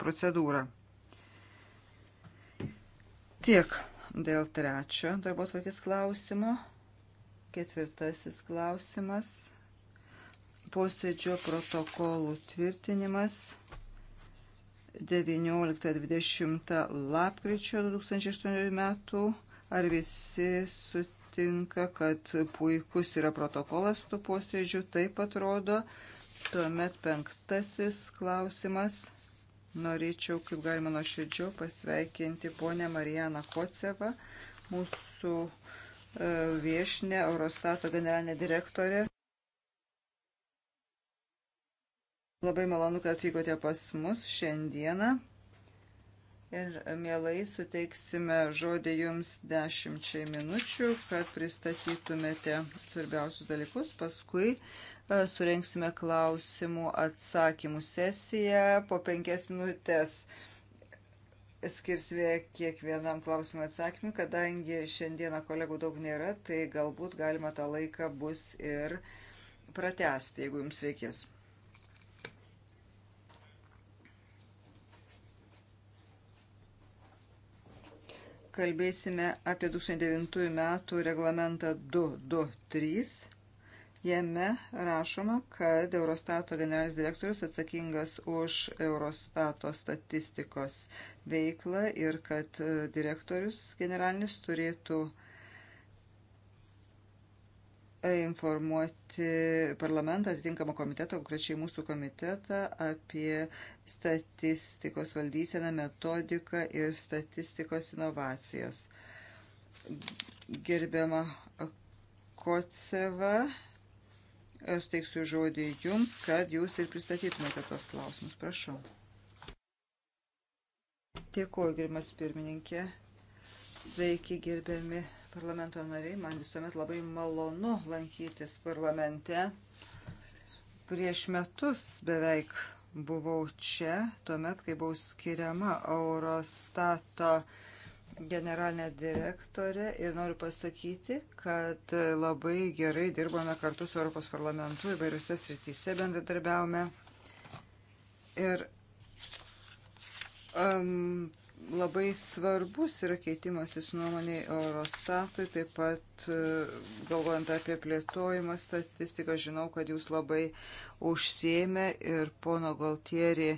procedūrą. Tiek dėl trečio darbo tvarkės klausimo. Ketvirtasis klausimas. Posėdžio protokolų tvirtinimas 19-20 lapkričio 2008 metų. Ar visi sutinka, kad puikus yra protokolas tų posėdžių? Taip atrodo. Tuomet penktasis klausimas norėčiau, kaip galima nuoširdžiau, pasveikinti ponę Marijaną Kocevą, mūsų e, viešinę Eurostato generalinę direktorę. Labai malonu, kad atvykote pas mus šiandieną ir mielai suteiksime žodį jums dešimčiai minučių, kad pristatytumėte svarbiausius dalykus. Paskui e, surenksime klausimų atsakymų sesiją po penkias minutės skirsime kiekvienam klausimui atsakymui, kadangi šiandieną kolegų daug nėra, tai galbūt galima tą laiką bus ir pratesti, jeigu jums reikės. kalbėsime apie 2009 metų reglamentą 223. Jame rašoma, kad Eurostato generalinis direktorius atsakingas už Eurostato statistikos veiklą ir kad e, direktorius generalinis turėtų uh, informuoti parlamentą, atitinkamą komitetą, konkrečiai mūsų komitetą, apie statistikos valdyseną, metodiką ir statistikos inovacijas. Gerbiama Koceva, aš teiksiu žodį jums, kad jūs ir pristatytumėte tos klausimus. Prašau. Dėkuoju, gerbimas pirmininkė. Sveiki, gerbiami parlamento nariai, man visuomet labai malonu lankytis parlamente. Prieš metus beveik buvau čia, tuomet, kai buvau skiriama Eurostato generalinė direktorė ir noriu pasakyti, kad labai gerai dirbome kartu su Europos parlamentu įvairiuose srityse bendradarbiavome. Ir um, labai svarbus yra keitimasis nuomonėje Eurostatui, taip pat e, galvojant apie plėtojimą statistiką, žinau, kad jūs labai užsiemė ir pono Galtieri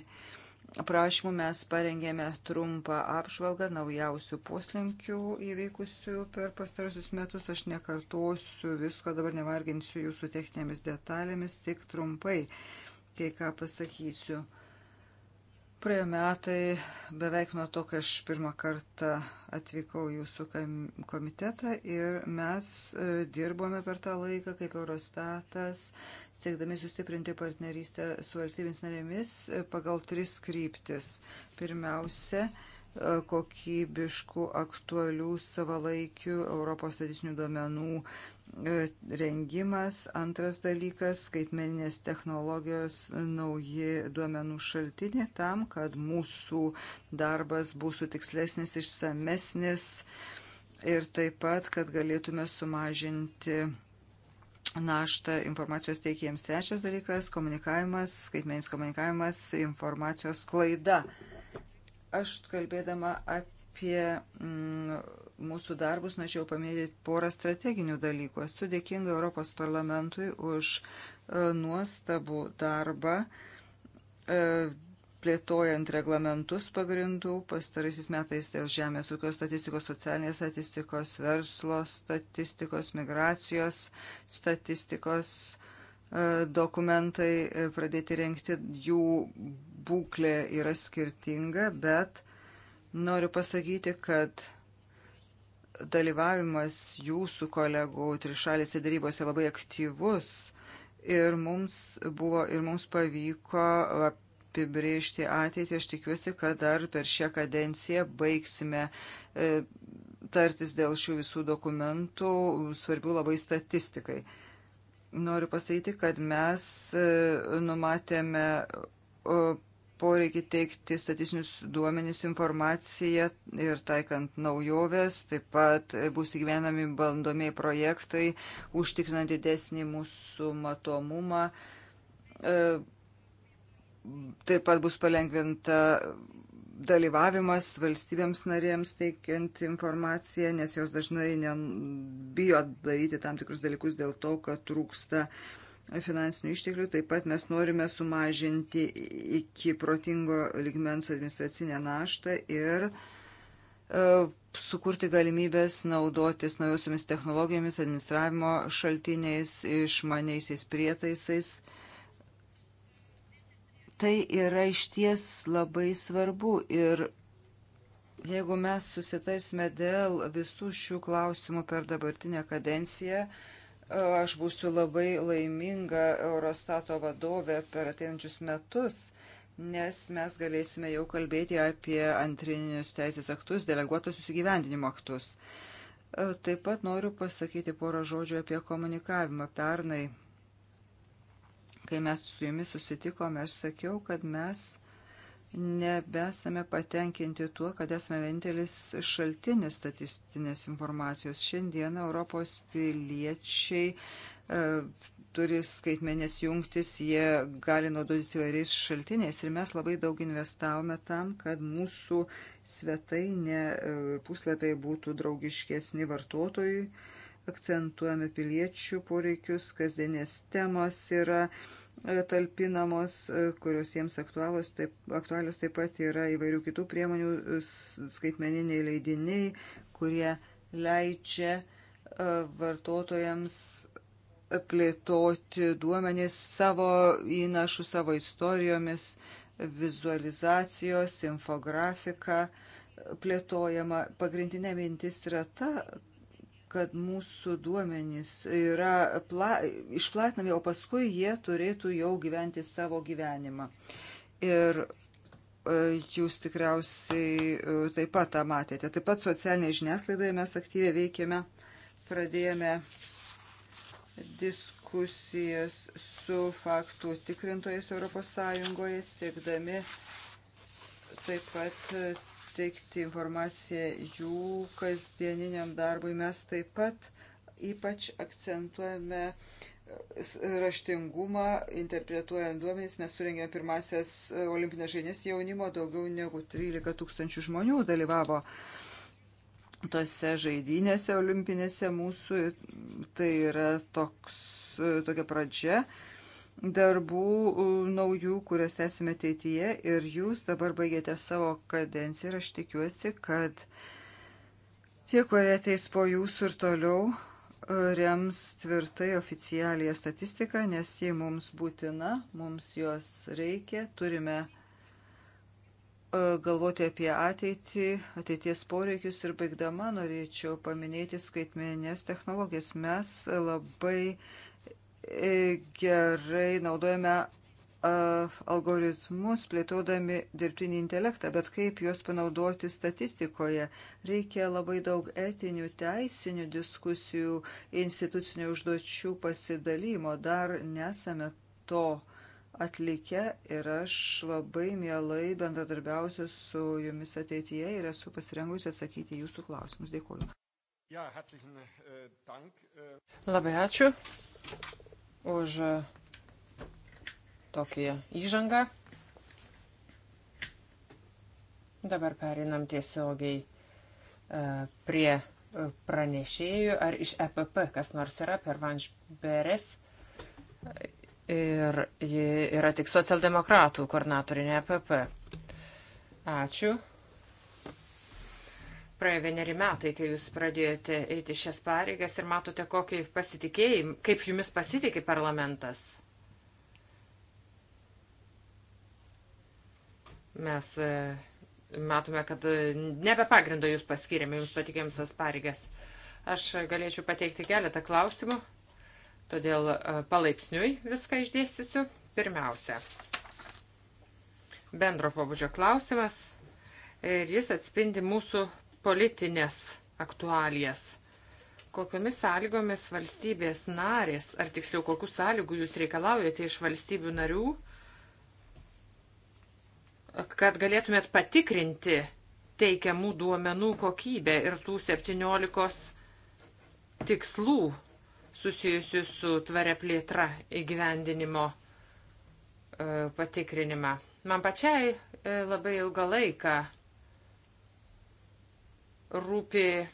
prašymų mes parengėme trumpą apžvalgą naujausių poslinkių įveikusių per pastarusius metus. Aš nekartosiu visko, dabar nevarginsiu jūsų techninėmis detalėmis, tik trumpai kai ką pasakysiu Praėjo metai beveik nuo to, kai aš pirmą kartą atvykau jūsų komitetą ir mes e, dirbome per tą laiką kaip Eurostatas, siekdami sustiprinti partnerystę su valstybėmis narėmis e, pagal tris kryptis. Pirmiausia, e, kokybiškų, aktualių, savalaikių Europos statistinių duomenų E, rengimas, antras dalykas - skaitmeninės technologijos nauji duomenų šaltiniai tam, kad mūsų darbas būtų tikslesnis, išsamesnis ir taip pat, kad galėtume sumažinti naštą informacijos teikėjams. Trečias dalykas - komunikavimas, skaitmeninis komunikavimas, informacijos klaida. Aš kalbėdama apie apie mm, mūsų darbus, norėčiau paminėti porą strateginių dalykų. Esu dėkinga Europos parlamentui už e, nuostabų darbą. E, plėtojant reglamentus pagrindų pastaraisiais metais dėl žemės ūkio statistikos, socialinės statistikos, verslo statistikos, migracijos statistikos e, dokumentai e, pradėti renkti, jų būklė yra skirtinga, bet Noriu pasakyti, kad dalyvavimas jūsų kolegų trišalėse darybose labai aktyvus ir mums buvo ir mums pavyko apibriežti ateitį. Aš tikiuosi, kad dar per šią kadenciją baigsime e, tartis dėl šių visų dokumentų, svarbių labai statistikai. Noriu pasakyti, kad mes e, numatėme poreikį teikti statistinius duomenys informaciją ir taikant naujoves, taip pat bus įgyvenami bandomiai projektai, užtikrinant didesnį mūsų matomumą. E, taip pat bus palengvinta dalyvavimas valstybėms narėms teikiant informaciją, nes jos dažnai ne, bijo daryti tam tikrus dalykus dėl to, kad trūksta uh, finansinių išteklių. Taip pat mes norime sumažinti iki protingo ligmens administracinę naštą ir e, sukurti galimybės naudotis naujosiomis technologijomis, administravimo šaltiniais, išmaniaisiais prietaisais. Tai yra išties labai svarbu ir jeigu mes susitarsime dėl visų šių klausimų per dabartinę kadenciją, uh, Aš būsiu labai laiminga Eurostato vadovė per ateinančius metus, nes mes galėsime jau kalbėti apie antrinius teisės aktus, deleguotusius įgyvendinimo aktus. E, taip pat noriu pasakyti porą žodžių apie komunikavimą. Pernai, kai mes su jumis susitikome, aš sakiau, kad mes nebesame patenkinti tuo, kad esame vienintelis šaltinis statistinės informacijos. Šiandien Europos piliečiai e, turi skaitmenės jungtis, jie gali naudotis įvairiais šaltiniais ir mes labai daug investavome tam, kad mūsų svetainė e, puslapiai būtų draugiškesni vartotojui, akcentuojame piliečių poreikius, kasdienės temos yra. E, E, talpinamos, e, kurios jiems aktualios taip, aktualios taip pat yra įvairių kitų priemonių, e, skaitmeniniai leidiniai, kurie leidžia vartotojams plėtoti duomenys savo įnašų, savo istorijomis, vizualizacijos, infografika plėtojama. Pagrindinė mintis yra ta, kad mūsų duomenys yra pla, išplatinami, o paskui jie turėtų jau gyventi savo gyvenimą. Ir e, jūs tikriausiai e, taip pat tą matėte. Taip pat socialinėje žiniaslaidoje mes aktyviai veikėme, pradėjome diskusijas su faktų tikrintojais ES, siekdami taip pat teikti informaciją jų kasdieniniam darbui. Mes taip pat ypač akcentuojame raštingumą, interpretuojant duomenys. Mes surengėme pirmasias olimpinės žaidynės jaunimo, daugiau negu 13 tūkstančių žmonių dalyvavo tose žaidynėse olimpinėse mūsų. Tai yra toks, tokia pradžia darbų naujų, kuriuos esame ateityje ir jūs dabar baigėte savo kadenciją ir aš tikiuosi, kad tie, kurie ateis po jūsų ir toliau, rems tvirtai oficialią statistiką, nes ji mums būtina, mums jos reikia, turime galvoti apie ateitį, ateities poreikius ir baigdama norėčiau paminėti skaitmenės technologijas. Mes labai uh, E, gerai naudojame e, algoritmus plėtodami dirbtinį intelektą, bet kaip juos panaudoti statistikoje. Reikia labai daug etinių, teisinių diskusijų, institucinių užduočių pasidalymo. Dar nesame to atlikę ir aš labai mielai bendradarbiausiu su jumis ateityje ir esu pasirengusi atsakyti jūsų klausimus. Dėkuoju. Ja, herzlichen, äh, dank, äh... Labai ačiū už e, tokį įžangą. Dabar perinam tiesiogiai e, prie e, pranešėjų. Ar iš EPP kas nors yra per Vanšberes? Ir ji yra tik socialdemokratų koordinatorė, ne EPP. Ačiū praėjo vieneri metai, kai jūs pradėjote eiti šias pareigas ir matote, kokį pasitikėjimą, kaip jumis pasitikė parlamentas. Mes e, matome, kad e, nebe pagrindo jūs paskiriame, jums patikėjimus tas pareigas. Aš galėčiau pateikti keletą klausimų, todėl e, palaipsniui viską išdėstysiu. Pirmiausia, bendro pobūdžio klausimas ir jis atspindi mūsų politinės aktualijas. Kokiomis sąlygomis valstybės narės, ar tiksliau kokius sąlygų jūs reikalaujate iš valstybių narių, kad galėtumėt patikrinti teikiamų duomenų kokybę ir tų 17 tikslų susijusių su tvaria plėtra įgyvendinimo e, patikrinimą. Man pačiai e, labai ilgą laiką rūpi e,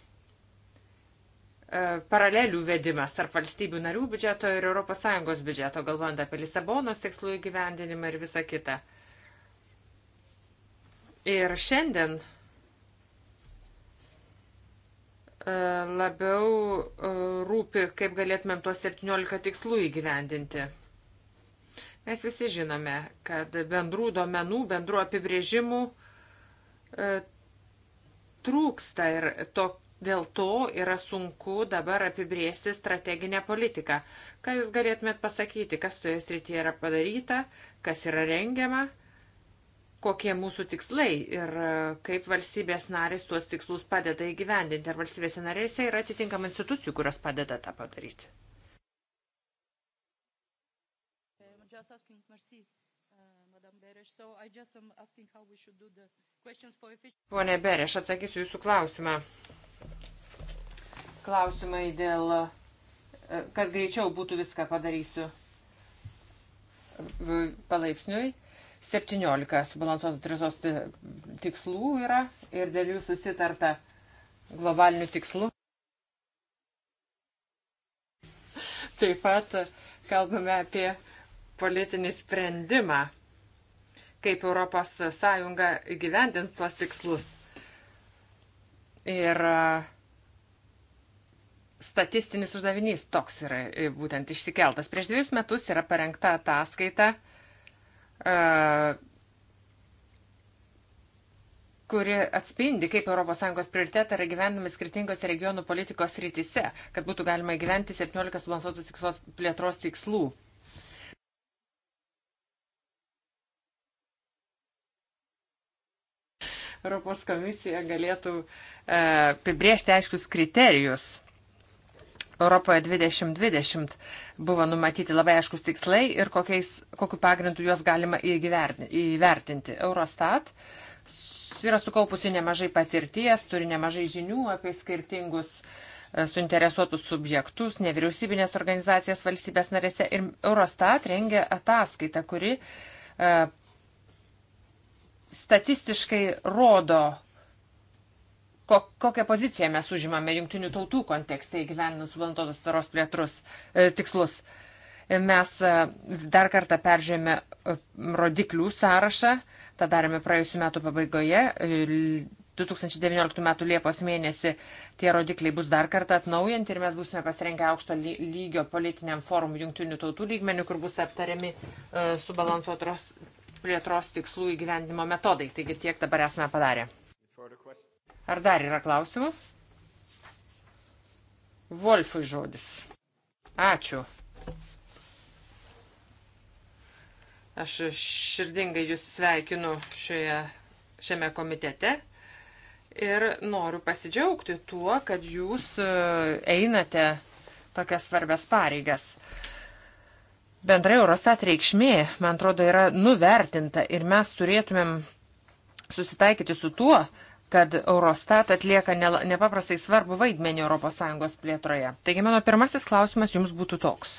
paralelių vedimas tarp valstybių narių biudžeto ir ES biudžeto, galvojant apie Lisabonos tikslų įgyvendinimą ir visą kitą. Ir šiandien e, labiau e, rūpi, kaip galėtumėm tuos 17 tikslų įgyvendinti. Mes visi žinome, kad bendrų domenų, bendrų apibrėžimų trūksta ir to, dėl to yra sunku dabar apibriežti strateginę politiką. Ką Jūs galėtumėt pasakyti, kas toje srityje yra padaryta, kas yra rengiama, kokie mūsų tikslai ir e, kaip valstybės narės tuos tikslus padeda įgyvendinti. Ar valstybės narėse yra atitinkama institucijų, kurios padeda tą padaryti? Just asking, merci, uh, Madame Beresh. So I just am asking how we should do the Pone Berė, aš atsakysiu jūsų klausimą. Klausimai dėl, e, kad greičiau būtų viską padarysiu palaipsniui. 17 subalansuotos trizos tikslų yra ir dėl jų susitarta globalinių tikslų. Taip pat kalbame apie politinį sprendimą kaip ES gyvendins tuos tikslus. Ir e, statistinis uždavinys toks yra e, būtent išsikeltas. Prieš dviejus metus yra parengta ataskaita, e, kuri atspindi, kaip ES prioritetai yra gyvendami skirtingose regionų politikos rytise, kad būtų galima gyventi 17 subalansuotus plėtros tikslų. Europos komisija galėtų e, apibriežti aiškius kriterijus. Europoje 2020 buvo numatyti labai aiškus tikslai ir kokiais, kokiu pagrindu juos galima įvertinti. Eurostat yra sukaupusi nemažai patirties, turi nemažai žinių apie skirtingus e, suinteresuotus subjektus, nevyriausybinės organizacijas valstybės narėse. Ir Eurostat rengia ataskaitą, kuri e, statistiškai rodo, ko, kokią poziciją mes užimame jungtinių tautų kontekste įgyvendinant subalansuotos tvaros plėtros e, tikslus. E, mes e, dar kartą peržiūrėjome e, rodiklių sąrašą, tą darėme praėjusiu metu pabaigoje. 2019 m. Liepos mėnesį tie rodikliai bus dar kartą atnaujinti ir mes būsime pasirengę aukšto lygio politiniam forumui jungtinių tautų lygmenių, kur bus aptariami subalansuotos plėtros tikslų įgyvendimo metodai. Taigi tiek dabar esame padarę. Ar dar yra klausimų? Wolfui žodis. Ačiū. Aš širdingai jūs sveikinu šioje, šiame komitete ir noriu pasidžiaugti tuo, kad jūs e, einate tokias svarbias pareigas. Uh, bendrai Eurostat reikšmė, man atrodo, yra nuvertinta ir mes turėtumėm susitaikyti su tuo, kad Eurostat atlieka nepaprastai svarbu vaidmenį ES plėtroje. Taigi mano pirmasis klausimas jums būtų toks.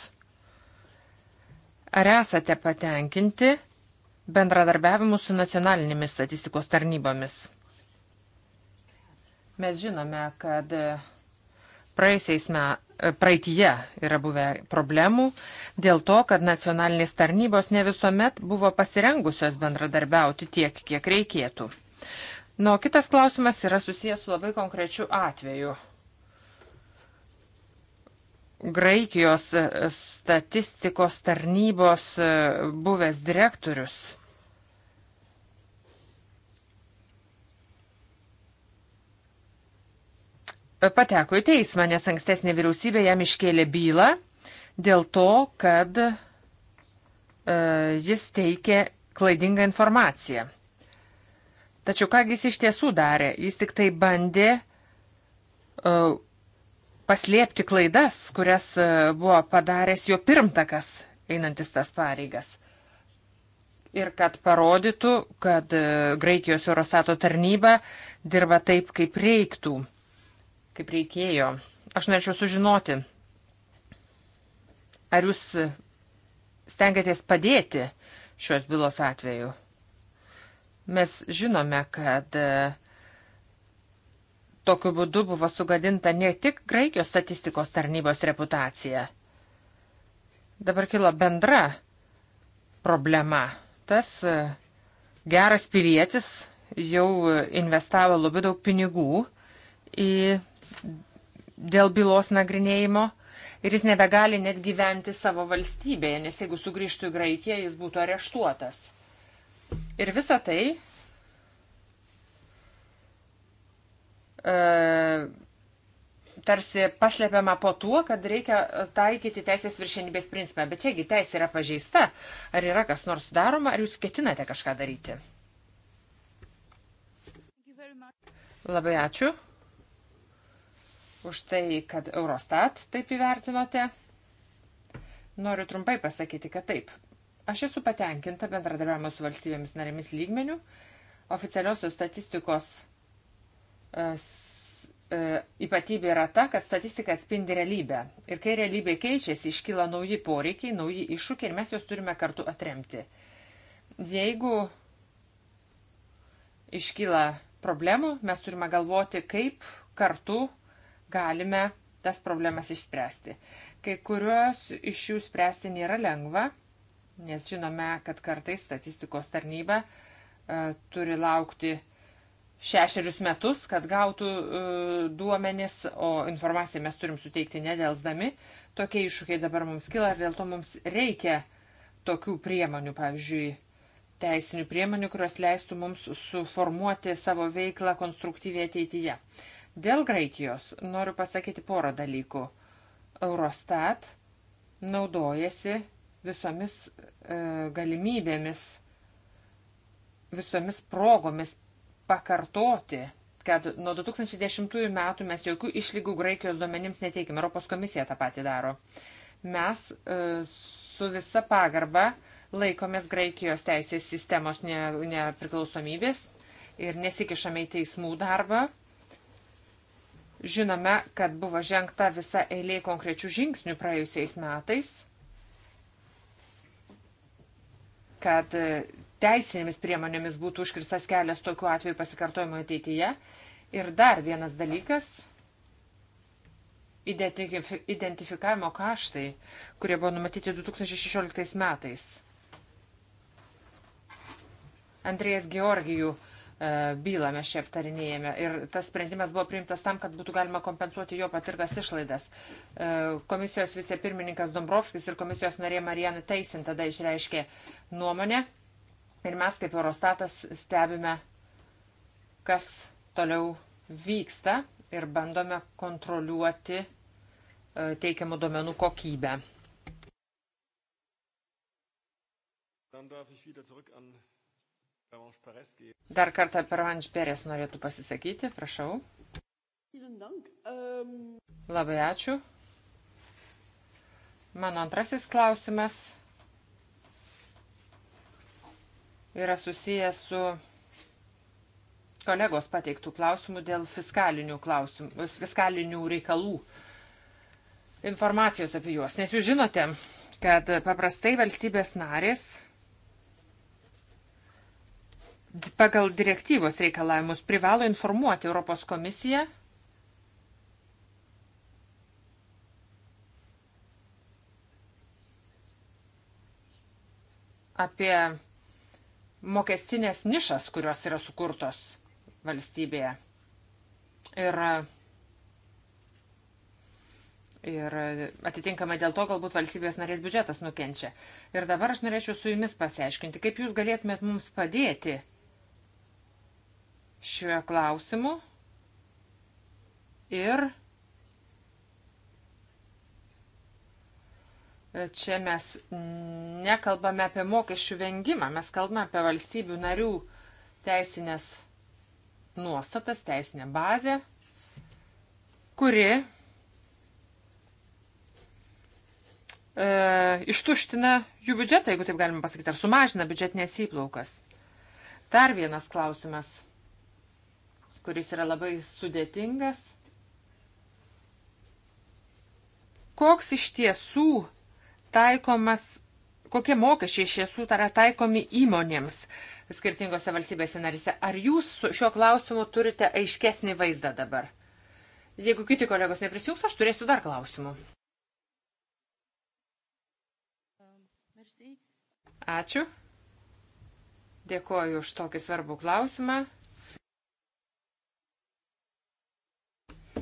Ar esate patenkinti bendradarbiavimu su nacionalinėmis statistikos tarnybomis? Mes žinome, kad Praeisiais metais praeitie yra buvę problemų dėl to, kad nacionalinės tarnybos ne visuomet buvo pasirengusios bendradarbiauti tiek, kiek reikėtų. Nu, kitas klausimas yra susijęs su labai konkrečiu atveju. Graikijos e, statistikos tarnybos e, buvęs direktorius pateko į teismą, nes ankstesnė vyriausybė jam iškėlė bylą dėl to, kad e, jis teikė klaidingą informaciją. Tačiau kągi jis iš tiesų darė? Jis tik tai bandė uh, paslėpti klaidas, kurias uh, buvo padaręs jo pirmtakas einantis tas pareigas. Ir kad parodytų, kad uh, Graikijos Eurostato tarnyba dirba taip, kaip reiktų kaip reikėjo. Aš norėčiau sužinoti, ar jūs stengiatės padėti šios bylos atveju. Mes žinome, kad e, tokiu būdu buvo sugadinta ne tik Graikijos statistikos tarnybos reputacija. Dabar kilo bendra problema. Tas e, geras pilietis jau investavo labai daug pinigų į dėl bylos nagrinėjimo ir jis nebegali net gyventi savo valstybėje, nes jeigu sugrįžtų į Graikiją, jis būtų areštuotas. Ir visa tai e, tarsi paslėpiama po tuo, kad reikia taikyti teisės viršenybės principą. Bet čiagi teisė yra pažeista. Ar yra kas nors daroma, ar jūs ketinate kažką daryti? Labai ačiū už tai, kad Eurostat taip įvertinote. Noriu trumpai pasakyti, kad taip. Aš esu patenkinta bendradarbiavimu su valstybėmis narėmis lygmenių. Oficialiosios statistikos e, e, ypatybė yra ta, kad statistika atspindi realybę. Ir kai realybė keičiasi, iškyla nauji poreikiai, nauji iššūkiai ir mes juos turime kartu atremti. Jeigu iškyla problemų, mes turime galvoti, kaip kartu galime tas problemas išspręsti. Kai kurios iš jų spręsti nėra lengva, nes žinome, kad kartais statistikos tarnyba e, turi laukti šešerius metus, kad gautų e, duomenis, o informaciją mes turim suteikti nedelsdami. Tokie iššūkiai dabar mums kyla ir dėl to mums reikia tokių priemonių, pavyzdžiui, teisinių priemonių, kurios leistų mums suformuoti savo veiklą konstruktyviai ateityje. Dėl Graikijos noriu pasakyti porą dalykų. Eurostat naudojasi visomis e, galimybėmis, visomis progomis pakartoti, kad nuo 2010 metų mes jokių išlygų Graikijos duomenims neteikime. Europos komisija tą patį daro. Mes e, su visa pagarba laikomės Graikijos teisės sistemos nepriklausomybės ne ir nesikišame į teismų darbą Žinome, kad buvo žengta visa eilė konkrečių žingsnių praėjusiais metais, kad teisinėmis priemonėmis būtų užkirstas kelias tokiu atveju pasikartojimo ateityje. Ir dar vienas dalykas - identifikavimo kaštai, kurie buvo numatyti 2016 metais. Andrėjas Georgijų E, bylą mes čia aptarinėjame. Ir tas sprendimas buvo priimtas tam, kad būtų galima kompensuoti jo patirtas išlaidas. E, komisijos vicepirmininkas Dombrovskis ir komisijos narė Marijana Teisin tada išreiškė nuomonę. Ir mes kaip Eurostatas stebime, kas toliau vyksta ir bandome kontroliuoti e, teikiamų duomenų kokybę. Dann darf ich wieder zurück an Dar kartą Pervanš Perės norėtų pasisakyti, prašau. Ähm, Labai ačiū. Mano antrasis klausimas yra susijęs su kolegos pateiktų klausimų dėl fiskalinių, klausimų, fiskalinių reikalų informacijos apie juos. Nes jūs žinote, kad paprastai valstybės narės pagal direktyvos reikalavimus privalo informuoti Europos komisiją apie mokestinės nišas, kurios yra sukurtos valstybėje. Ir, ir atitinkamai dėl to galbūt valstybės narės biudžetas nukenčia. Ir dabar aš norėčiau su jumis pasiaiškinti, kaip jūs galėtumėt mums padėti šiuo klausimu ir čia mes nekalbame apie mokesčių vengimą, mes kalbame apie valstybių narių teisinės nuostatas, teisinę bazę, kuri e, ištuština jų biudžetą, jeigu taip galima pasakyti, ar sumažina biudžetinės įplaukas. Dar vienas klausimas kuris yra labai sudėtingas. Koks iš tiesų taikomas, kokie mokesčiai iš tiesų yra taikomi įmonėms skirtingose valstybėse narise? Ar jūs šiuo klausimu turite aiškesnį vaizdą dabar? Jeigu kiti kolegos neprisijungs, aš turėsiu dar klausimų. Ačiū. Dėkuoju už tokį svarbų klausimą.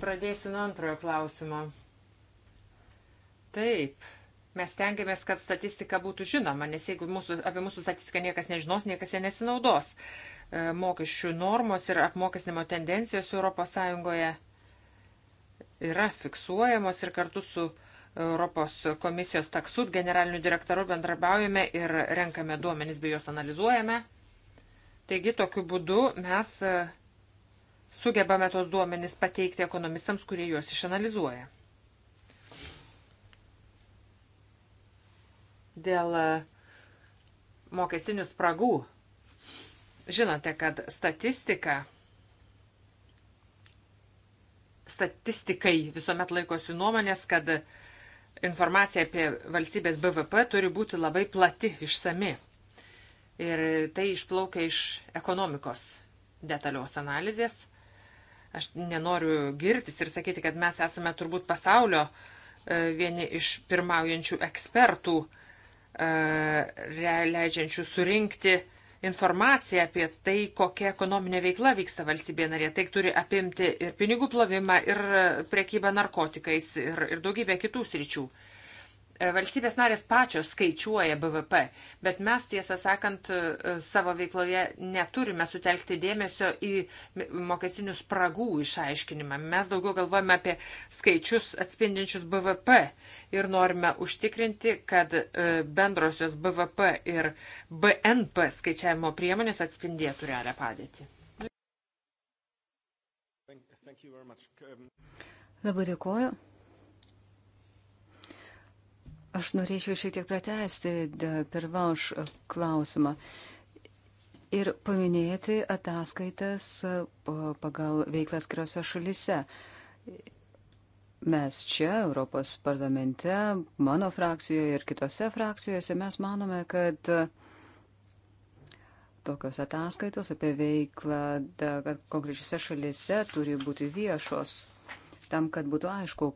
pradėsiu nuo antrojo klausimo. Taip, mes tengiamės, kad statistika būtų žinoma, nes jeigu mūsų, apie mūsų statistiką niekas nežinos, niekas ją nesinaudos. E, mokesčių normos ir apmokesnimo tendencijos ES yra fiksuojamos ir kartu su Europos komisijos taksut generaliniu direktoru bendrabiaujame ir renkame duomenis bei juos analizuojame. Taigi tokiu būdu mes e, sugebame tos duomenys pateikti ekonomistams, kurie juos išanalizuoja. Dėl e, mokestinių spragų. Žinote, kad statistika, statistikai visuomet laikosi nuomonės, kad informacija apie valstybės BVP turi būti labai plati, išsami. Ir tai išplaukia iš ekonomikos detalios analizės. Aš nenoriu girtis ir sakyti, kad mes esame turbūt pasaulio e, vieni iš pirmaujančių ekspertų, e, leidžiančių surinkti informaciją apie tai, kokia ekonominė veikla vyksta valstybė narė. Tai turi apimti ir pinigų plovimą, ir e, priekybą narkotikais, ir, ir daugybę kitų sričių. E, valstybės narės pačios skaičiuoja BVP, bet mes tiesą sakant e, savo veikloje neturime sutelkti dėmesio į mokestinių spragų išaiškinimą. Mes daugiau galvojame apie skaičius atspindinčius BVP ir norime užtikrinti, kad e, bendrosios BVP ir BNP skaičiavimo priemonės atspindėtų realią padėtį. Um, Labai dėkuoju. Aš norėčiau šiek tiek pratesti pirmąš e, klausimą ir paminėti ataskaitas e, pagal veiklas skiriose šalise. Mes čia, Europos parlamente, mano frakcijoje ir kitose frakcijose, mes manome, kad e, tokios ataskaitos apie veiklą konkrečiose šalise turi būti viešos, tam, kad būtų aišku,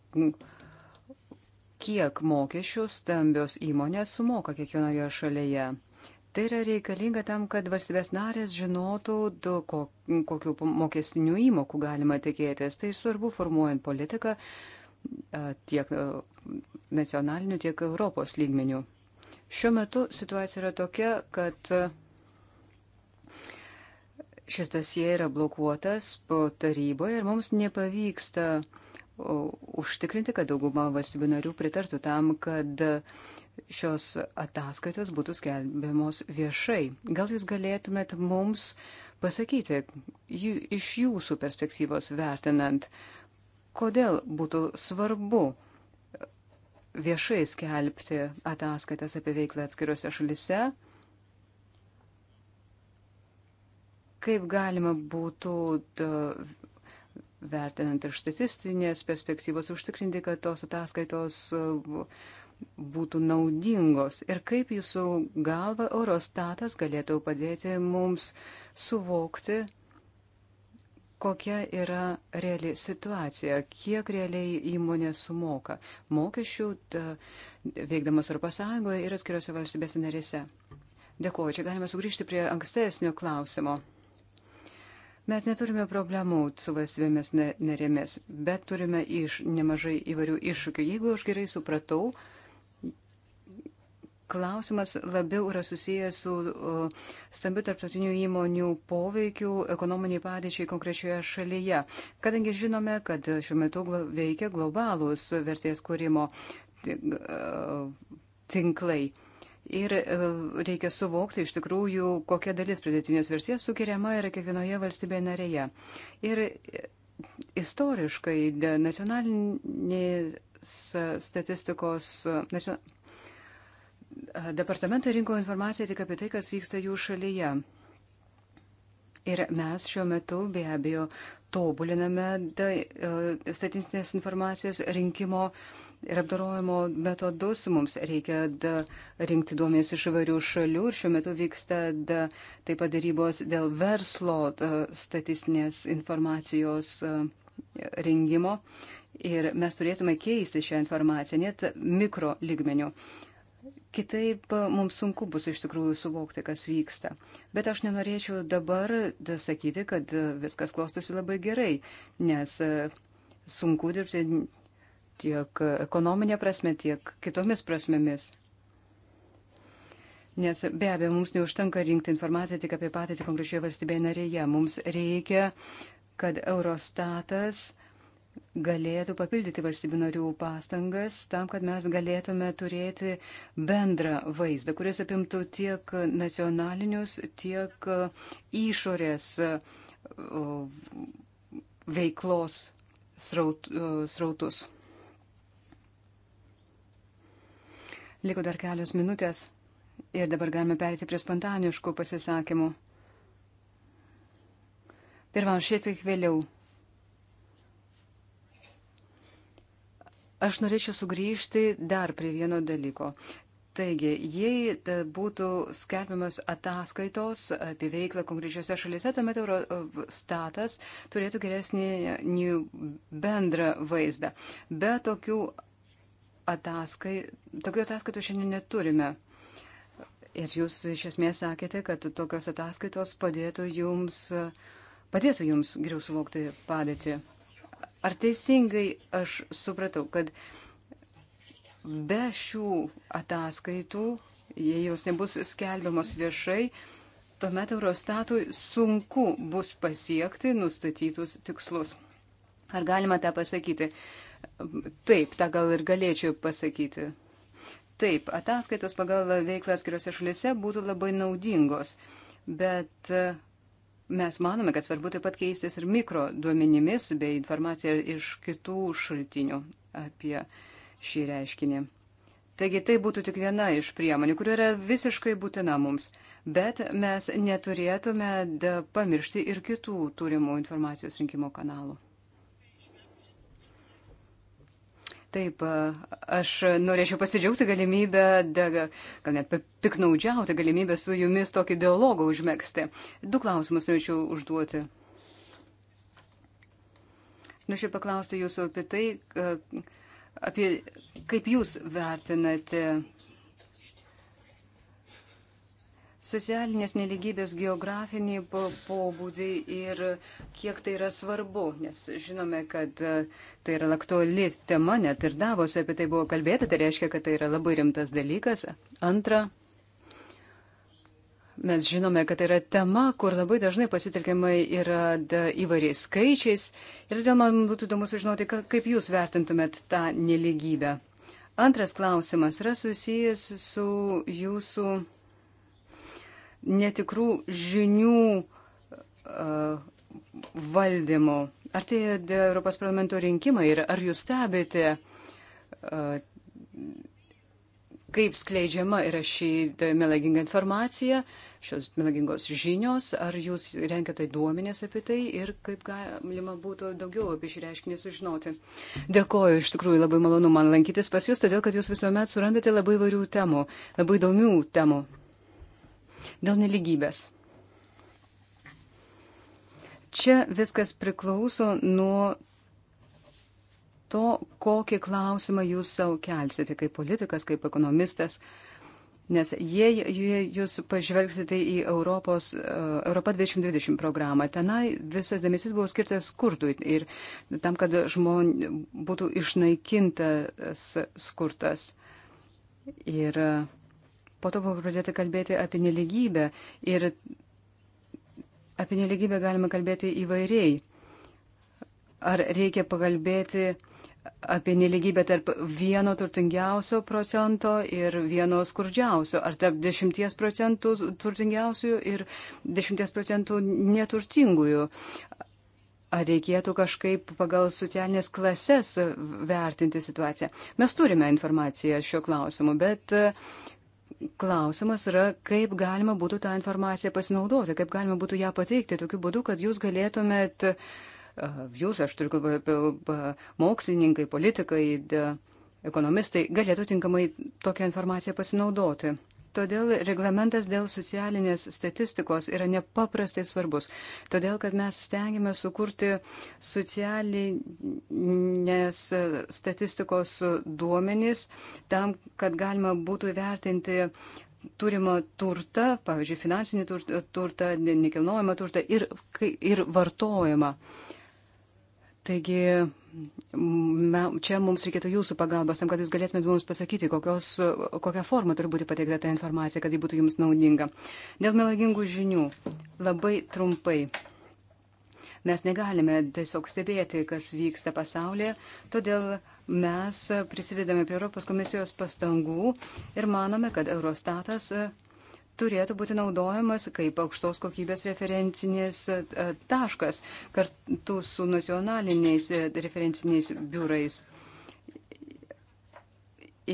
kiek mokesčių stambios įmonės sumoka kiekvienoje šalyje. Tai yra reikalinga tam, kad valstybės narės žinotų, du, ko, kokiu mokestinių įmokų galima tikėtis. Tai svarbu formuojant politiką tiek nacionaliniu, tiek Europos lygmeniu. Šiuo metu situacija yra tokia, kad šis dosie yra blokuotas po taryboje ir mums nepavyksta uh, užtikrinti, kad dauguma valstybių narių pritartų tam, kad šios ataskaitos būtų skelbiamos viešai. Gal jūs galėtumėt mums pasakyti, jų, iš jūsų perspektyvos vertinant, kodėl būtų svarbu viešai skelbti ataskaitas apie veiklą atskiriuose šalise, kaip galima būtų vertinant ir statistinės perspektyvos, užtikrinti, kad tos ataskaitos e, būtų naudingos ir kaip jūsų galva Eurostatas galėtų padėti mums suvokti, kokia yra reali situacija, kiek realiai įmonė sumoka mokesčių veikdamas Europos Sąjungoje ir atskiriuose valstybėse narėse. Dėkuoju, čia galime sugrįžti prie ankstesnio klausimo. Mes neturime problemų su valstybėmis narėmis, bet turime iš, nemažai įvairių iššūkių. Jeigu aš gerai supratau, klausimas labiau yra susijęs su uh, stambių tarptautinių įmonių poveikiu ekonominiai padėčiai konkrečioje šalyje. Kadangi žinome, kad šiuo metu glo veikia globalūs vertės kūrimo tinklai. Ir e, reikia suvokti iš tikrųjų, kokia dalis pridėtinės versijas sukiriama yra kiekvienoje valstybėje narėje. Ir e, istoriškai nacionalinės statistikos. Departamentai rinko informaciją tik apie tai, kas vyksta jų šalyje. Ir mes šiuo metu be abejo tobuliname e, statistinės informacijos rinkimo uh, ir apdarojimo metodus. Mums reikia da, rinkti duomenys iš įvairių šalių ir šiuo metu vyksta da, taip pat darybos dėl verslo da, statistinės informacijos a, rengimo. Ir mes turėtume keisti šią informaciją net mikro lygmenių. Kitaip mums sunku bus iš tikrųjų suvokti, kas vyksta. Bet aš nenorėčiau dabar sakyti, kad viskas klostosi labai gerai, nes sunku dirbti tiek ekonominė prasme, tiek kitomis prasmėmis. Nes be abejo, mums neužtenka rinkti informaciją tik apie patį konkrečioje valstybėje narėje. Mums reikia, kad Eurostatas galėtų papildyti valstybių narių pastangas tam, kad mes galėtume turėti bendrą vaizdą, kuris apimtų tiek nacionalinius, tiek išorės veiklos sraut, srautus. Liko dar kelios minutės ir dabar galime perėti prie spontaniškų pasisakymų. Pirmam, šiek tiek vėliau. Aš norėčiau sugrįžti dar prie vieno dalyko. Taigi, jei būtų skelbiamas ataskaitos apie veiklą konkrečiose šalyse, tuomet Eurostatas e, turėtų geresnį e, bendrą vaizdą. Be tokių ataskai, tokių ataskaitų šiandien neturime. Ir jūs iš esmės sakėte, kad tokios ataskaitos padėtų jums, padėtų jums geriau suvokti padėtį. Ar teisingai aš supratau, kad be šių ataskaitų, jei jos nebus skelbiamos viešai, tuomet Eurostatui sunku bus pasiekti nustatytus tikslus. Ar galima tą pasakyti? Taip, tą gal ir galėčiau pasakyti. Taip, ataskaitos pagal veiklą atskiriuose šalise būtų labai naudingos, bet e, mes manome, kad svarbu taip pat keistis ir mikro duomenimis bei informacija iš kitų šaltinių apie šį reiškinį. Taigi tai būtų tik viena iš priemonių, kuri yra visiškai būtina mums, bet mes neturėtume pamiršti ir kitų turimų informacijos rinkimo kanalų. Taip, aš norėčiau pasidžiaugti galimybę, gal net piknaudžiauti galimybę su jumis tokį dialogą užmėgsti. Du klausimus norėčiau užduoti. Norėčiau paklausti jūsų apie tai, apie kaip jūs vertinate socialinės neligybės geografinį pobūdį ir kiek tai yra svarbu, nes žinome, kad e, tai yra aktuali tema, net ir davose apie tai buvo kalbėta, tai reiškia, kad tai yra labai rimtas dalykas. Antra, mes žinome, kad tai yra tema, kur labai dažnai pasitelkiamai yra įvairiais skaičiais ir todėl man būtų įdomu sužinoti, kaip jūs vertintumėt tą neligybę. Antras klausimas yra susijęs su jūsų netikrų žinių e, valdymu. Ar tai Europos parlamento rinkimai ir ar jūs stebite, e, kaip skleidžiama yra ši melaginga informacija, šios melagingos žinios, ar jūs renkate duomenės apie tai ir kaip galima būtų daugiau apie šį reiškinį sužinoti. Dėkoju, iš tikrųjų labai malonu man lankytis pas jūs, todėl kad jūs visuomet surandate labai varių temų, labai įdomių temų. Dėl neligybės. Čia viskas priklauso nuo to, kokį klausimą jūs savo kelsite, kaip politikas, kaip ekonomistas. Nes jei, jei jūs pažvelgsite į Europos, uh, Europą 2020 programą, tenai visas dėmesys buvo skirtas skurdui ir tam, kad žmon būtų išnaikintas skurtas. Ir uh, Po to buvo pradėta kalbėti apie neligybę ir apie neligybę galima kalbėti įvairiai. Ar reikia pakalbėti apie neligybę tarp vieno turtingiausio procento ir vieno skurdžiausio, ar tarp dešimties procentų turtingiausių ir dešimties procentų neturtingųjų. Ar reikėtų kažkaip pagal socialinės klases vertinti situaciją? Mes turime informaciją šiuo klausimu, bet uh, klausimas yra, kaip galima būtų tą informaciją pasinaudoti, kaip galima būtų ją pateikti tokiu būdu, kad jūs galėtumėt, jūs, aš turiu galvoje, mokslininkai, politikai, ekonomistai, galėtų tinkamai tokią informaciją pasinaudoti. Todėl reglamentas dėl socialinės statistikos yra nepaprastai svarbus, todėl kad mes stengiame sukurti socialinės statistikos duomenys tam, kad galima būtų vertinti turimą turtą, pavyzdžiui, finansinį turtą, nekilnojamą turtą ir, ir vartojimą. Taigi Čia mums reikėtų jūsų pagalbos tam, kad jūs galėtumėte mums pasakyti, kokios, kokią formą turi būti pateikta ta informacija, kad ji būtų jums naudinga. Dėl melagingų žinių labai trumpai. Mes negalime tiesiog stebėti, kas vyksta pasaulyje, todėl mes prisidedame prie Europos komisijos pastangų ir manome, kad Eurostatas turėtų būti naudojamas kaip aukštos kokybės referencinis e, e, taškas kartu su nacionaliniais e, referenciniais biurais.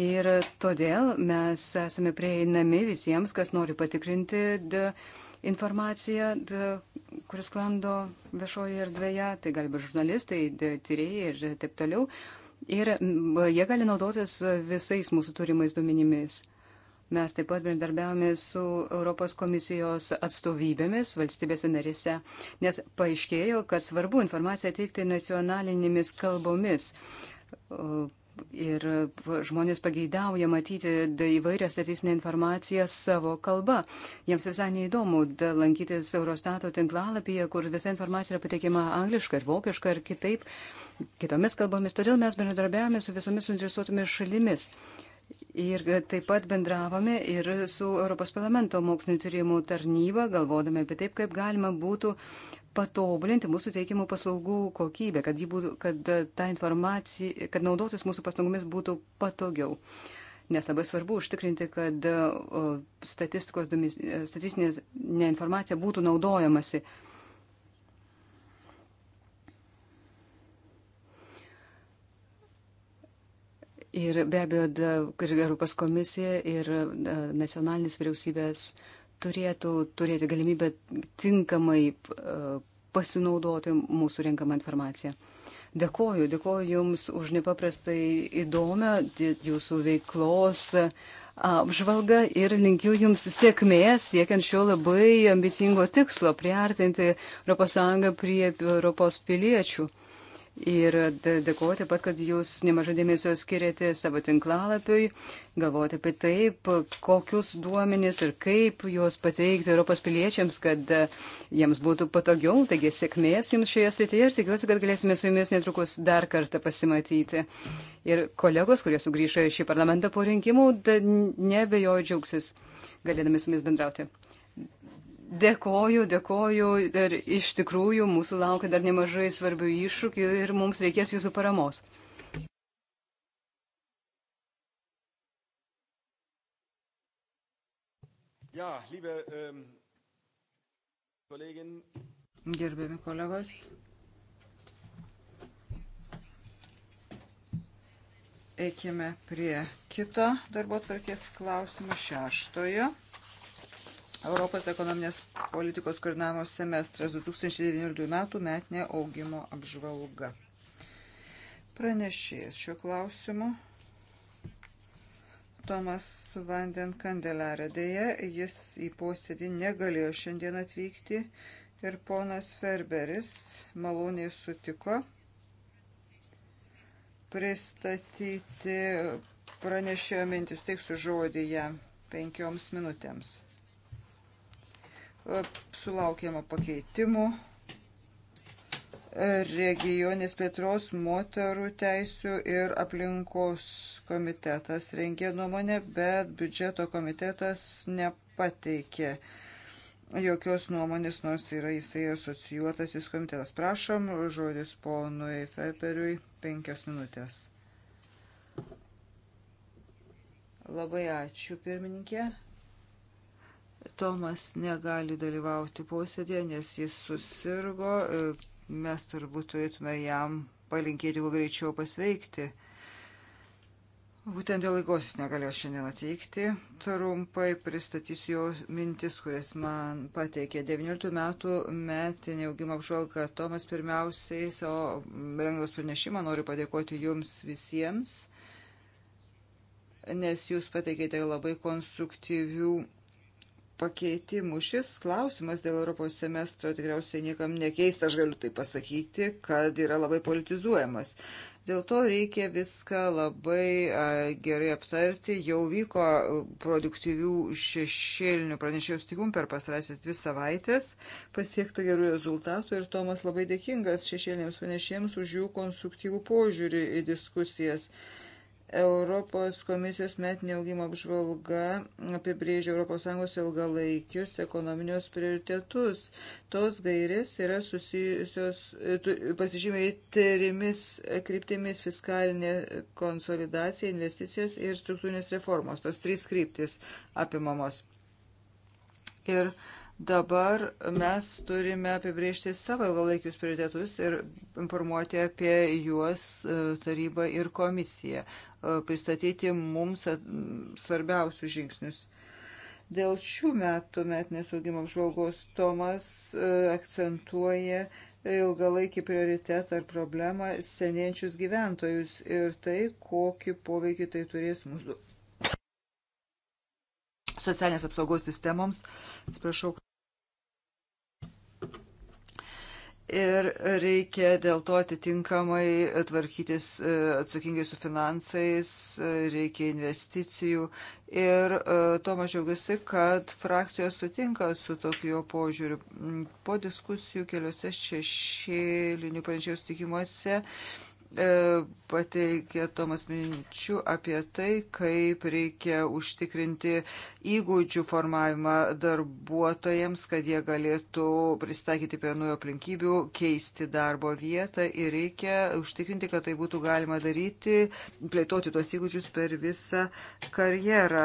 Ir todėl mes esame prieinami visiems, kas nori patikrinti informaciją, kuris klando viešoje erdvėje, tai gali būti žurnalistai, tyrėjai ir taip toliau. Ir jie gali naudotis visais mūsų turimais duomenimis. Mes taip pat bendarbiavome su Europos komisijos atstovybėmis valstybėse narėse, nes paaiškėjo, kad svarbu informaciją teikti nacionalinėmis kalbomis. Ir žmonės pageidauja matyti įvairią statistinę informaciją savo kalba. Jiems visai neįdomu lankytis Eurostato tinklalapyje, kur visa informacija yra pateikiama angliškai ir vokiškai ir kitaip, kitomis kalbomis. Todėl mes bendradarbiavame su visomis suinteresuotomis šalimis. Ir taip pat bendravome ir su Europos parlamento mokslinio tyrimų tarnyba, galvodami apie taip, kaip galima būtų patobulinti mūsų teikimų paslaugų kokybę, kad, būtų, kad ta informacija, kad naudotis mūsų pastangomis būtų patogiau. Nes labai svarbu užtikrinti, kad statistikos, statistinės neinformacija būtų naudojamasi uh, Ir be abejo, ir Europos komisija, ir nacionalinės vyriausybės turėtų turėti galimybę tinkamai e, pasinaudoti mūsų renkamą informaciją. Dėkoju, dėkoju Jums už nepaprastai įdomią Jūsų veiklos e, apžvalgą ir linkiu Jums sėkmės, siekiant šio labai ambicingo tikslo priartinti ES prie Europos piliečių. Ir dėkuoju taip pat, kad jūs nemažai dėmesio skiriate savo tinklalapiui, galvojate apie taip, kokius duomenis ir kaip juos pateikti Europos piliečiams, kad e, jiems būtų patogiau. Taigi sėkmės jums šioje srityje ir tikiuosi, kad galėsime su jumis netrukus dar kartą pasimatyti. Ir kolegos, kurie sugrįžo į šį parlamentą po rinkimų, nebejoju džiaugsis, galėdami su jumis bendrauti. Dėkoju, dėkoju ir iš tikrųjų mūsų laukia dar nemažai svarbių iššūkių ir mums reikės jūsų paramos. Ja, liebe, ähm, kolegin. Gerbiami kolegos. Eikime prie kito darbo tvarkės klausimų šeštojo. Europos ekonominės politikos koordinavimo semestras 2019 metų metinė augimo apžvalga. Pranešėjas šiuo klausimu Tomas Vanden Kandelarė dėja, jis į posėdį negalėjo šiandien atvykti ir ponas Ferberis maloniai sutiko pristatyti pranešėjo mintis, teiksiu žodį ją penkioms minutėms. E, sulaukiama pakeitimų e, regionės plėtros moterų teisių ir aplinkos komitetas rengė nuomonę, bet biudžeto komitetas nepateikė jokios nuomonės, nors tai yra jisai asocijuotasis komitetas. Prašom, žodis ponui Feperiui, penkias minutės. Labai ačiū, pirmininkė. Tomas negali dalyvauti posėdėje, nes jis susirgo. E, mes turbūt turėtume jam palinkėti kuo greičiau pasveikti. Būtent dėl lygos jis negalėjo šiandien atvykti. Trumpai pristatysiu jo mintis, kuris man pateikė 19 metų metinį augimą apžvalgą. Tomas pirmiausiai savo rengos pranešimą noriu padėkoti jums visiems, nes jūs pateikėte labai konstruktyvių pakeitimų. Šis klausimas dėl Europos semestro tikriausiai niekam nekeista, aš galiu tai pasakyti, kad yra labai politizuojamas. Dėl to reikia viską labai gerai aptarti. Jau vyko produktyvių šešėlinių pranešėjų sutikum per pastarąsias dvi savaitės, pasiekta gerų rezultatų ir Tomas labai dėkingas šešėliniams pranešėjams už jų konstruktyvų požiūrį į diskusijas. Europos komisijos metinio augimo apžvalga apibrėžia ES ilgalaikius ekonominius prioritetus. Tos gairės yra susijusios, pasižymė trimis kryptimis - fiskalinė konsolidacija, investicijos ir struktūrinės reformos. Tos trys kryptis apimamos. Ir dabar mes turime apibriežti savo ilgalaikius prioritetus ir informuoti apie juos e, tarybą ir komisiją pristatyti mums svarbiausius žingsnius. Dėl šių metų metinės augimo apžvalgos Tomas e, akcentuoja ilgalaikį prioritetą ar problemą senėjančius gyventojus ir tai, kokį poveikį tai turės mūsų socialinės apsaugos sistemoms. Atsiprašau. Ir reikia dėl to atitinkamai tvarkytis e, atsakingai su finansais, e, reikia investicijų. Ir e, to mažiau visi, kad frakcijos sutinka su tokio požiūriu. Mm, po diskusijų keliuose šešėlinių pranešėjų sutikimuose E, pateikė Tomas minčių apie tai, kaip reikia užtikrinti įgūdžių formavimą darbuotojams, kad jie galėtų pristaikyti prie naujo aplinkybių, keisti darbo vietą ir reikia užtikrinti, kad tai būtų galima daryti, plėtoti tuos įgūdžius per visą karjerą.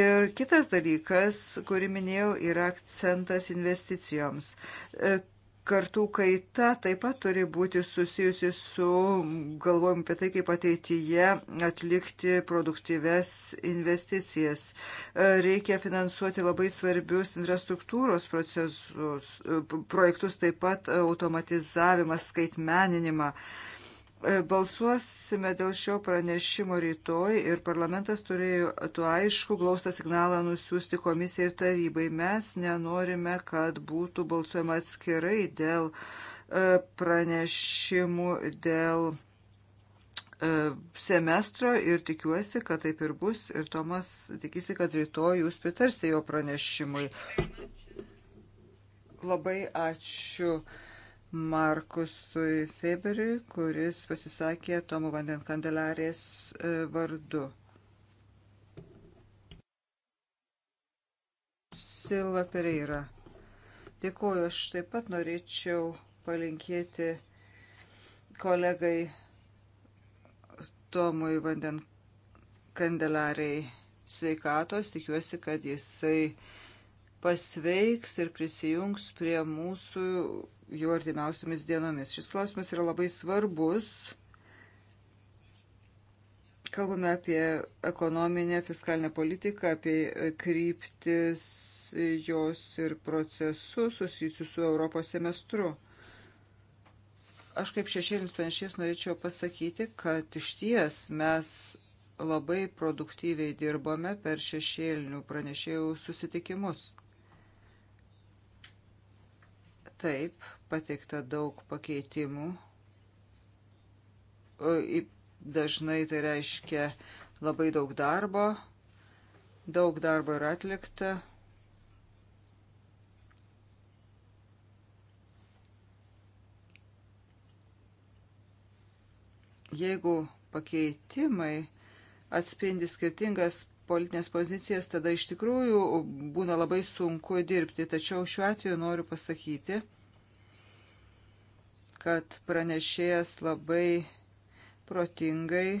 Ir kitas dalykas, kurį minėjau, yra akcentas investicijoms. E, kartų kaita taip pat turi būti susijusi su galvojimu apie tai, kaip ateityje atlikti produktyves investicijas. E, reikia finansuoti labai svarbius infrastruktūros procesus, e, projektus, taip pat automatizavimas, skaitmeninimą. E, balsuosime dėl šio pranešimo rytoj ir parlamentas turėjo tuo aišku glaustą signalą nusiųsti komisijai ir tarybai. Mes nenorime, kad būtų balsuojama atskirai dėl e, pranešimų dėl e, semestro ir tikiuosi, kad taip ir bus ir Tomas tikisi, kad rytoj jūs pritarsite jo pranešimui. Labai ačiū. Markusui Feberiui, kuris pasisakė Tomo vandenkandelarės e, vardu. Silva Pereira. Dėkuoju, aš taip pat norėčiau palinkėti kolegai Tomui vandenkandelariai sveikatos. Tikiuosi, kad jisai pasveiks ir prisijungs prie mūsų jų artimiausiomis dienomis. Šis klausimas yra labai svarbus. Kalbame apie ekonominę, fiskalinę politiką, apie kryptis jos ir procesus susijusius su Europos semestru. Aš kaip šešėlis panašiais norėčiau pasakyti, kad iš ties mes labai produktyviai dirbame per šešėlinių pranešėjų susitikimus. Taip, pateikta daug pakeitimų. Dažnai tai reiškia labai daug darbo. Daug darbo yra atlikta. Jeigu pakeitimai atspindi skirtingas politinės pozicijas, tada iš tikrųjų būna labai sunku dirbti. Tačiau šiuo atveju noriu pasakyti, kad pranešėjas labai protingai e,